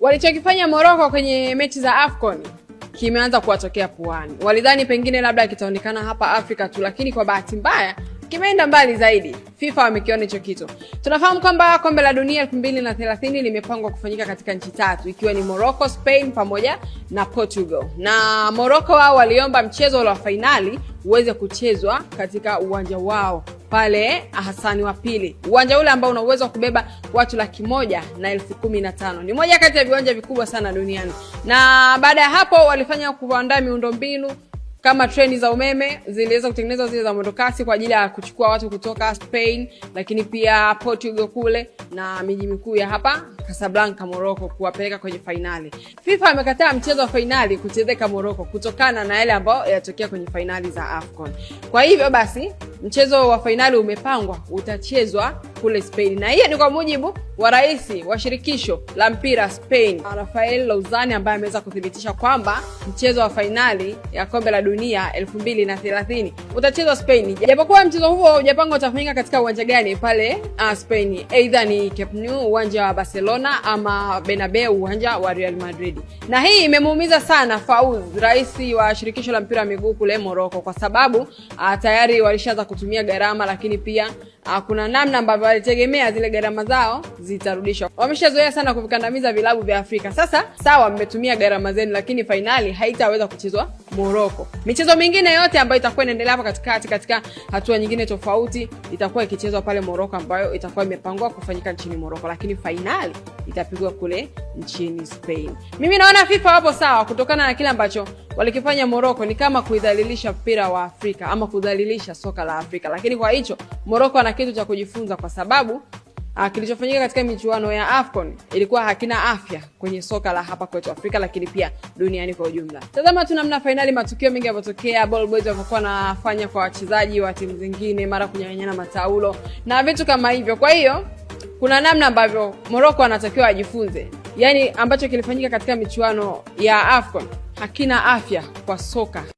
Walichokifanya Morocco kwenye mechi za AFCON kimeanza kuwatokea puani. Walidhani pengine labda kitaonekana hapa Afrika tu, lakini kwa bahati mbaya kimeenda mbali zaidi. FIFA wamekiona hicho kitu. Tunafahamu kwamba kombe la dunia 2030 limepangwa kufanyika katika nchi tatu ikiwa ni Morocco, Spain pamoja na Portugal. Na Morocco wao waliomba mchezo wa fainali uweze kuchezwa katika uwanja wao pale Hasani wa pili, uwanja ule ambao una uwezo wa kubeba watu laki moja na elfu kumi na tano. Ni moja kati ya viwanja vikubwa sana duniani, na baada ya hapo walifanya kuandaa miundombinu kama treni za umeme ziliweza kutengenezwa zile za mwendokasi kwa ajili ya kuchukua watu kutoka Spain, lakini pia Portugal kule na miji mikuu ya hapa Casablanca, Morocco kuwapeleka kwenye fainali. FIFA amekataa mchezo wa fainali kuchezeka Morocco kutokana na yale ambayo yatokea kwenye fainali za AFCON. Kwa hivyo basi mchezo wa fainali umepangwa utachezwa kule Spain, na hiyo ni kwa mujibu wa rais wa shirikisho la mpira Spain Rafael Lauzani ambaye ameweza kuthibitisha kwamba mchezo wa fainali ya kombe la dunia elfu na utachezwa Spain, japokuwa mchezo huo hujapangwa utafanyika katika uwanja gani pale uh, Spain, aidha ni Camp Nou, uwanja wa Barcelona ama Bernabeu, uwanja wa Real Madrid. Na hii imemuumiza sana fauz rais wa shirikisho la mpira wa miguu kule Morocco, kwa sababu uh, tayari walishaanza kutumia gharama, lakini pia Ah, kuna namna ambavyo walitegemea zile gharama zao zitarudishwa. Wameshazoea sana kuvikandamiza vilabu vya Afrika. Sasa sawa, mmetumia gharama zenu, lakini fainali haitaweza kuchezwa Morocco. Michezo mingine yote ambayo itakuwa inaendelea hapa katikati katika hatua nyingine tofauti itakuwa ikichezwa pale Morocco, ambayo itakuwa imepangwa kufanyika nchini Morocco, lakini fainali itapigwa kule nchini Spain. Mimi naona FIFA wapo sawa kutokana na kile ambacho walikifanya Morocco, ni kama kuidhalilisha mpira wa Afrika ama kudhalilisha soka la Afrika, lakini kwa hicho Morocco ana kitu cha kujifunza kwa sababu Ah, kilichofanyika katika michuano ya AFCON ilikuwa hakina afya kwenye soka la hapa kwetu Afrika, lakini pia duniani kwa ujumla. Tazama tu namna fainali matukio mengi yaliyotokea, ball boys walivyokuwa wanafanya kwa wachezaji wa timu zingine, mara kunyang'anyana mataulo na vitu kama hivyo. Kwa hiyo kuna namna ambavyo Morocco anatakiwa ajifunze, yaani ambacho kilifanyika katika michuano ya AFCON hakina afya kwa soka.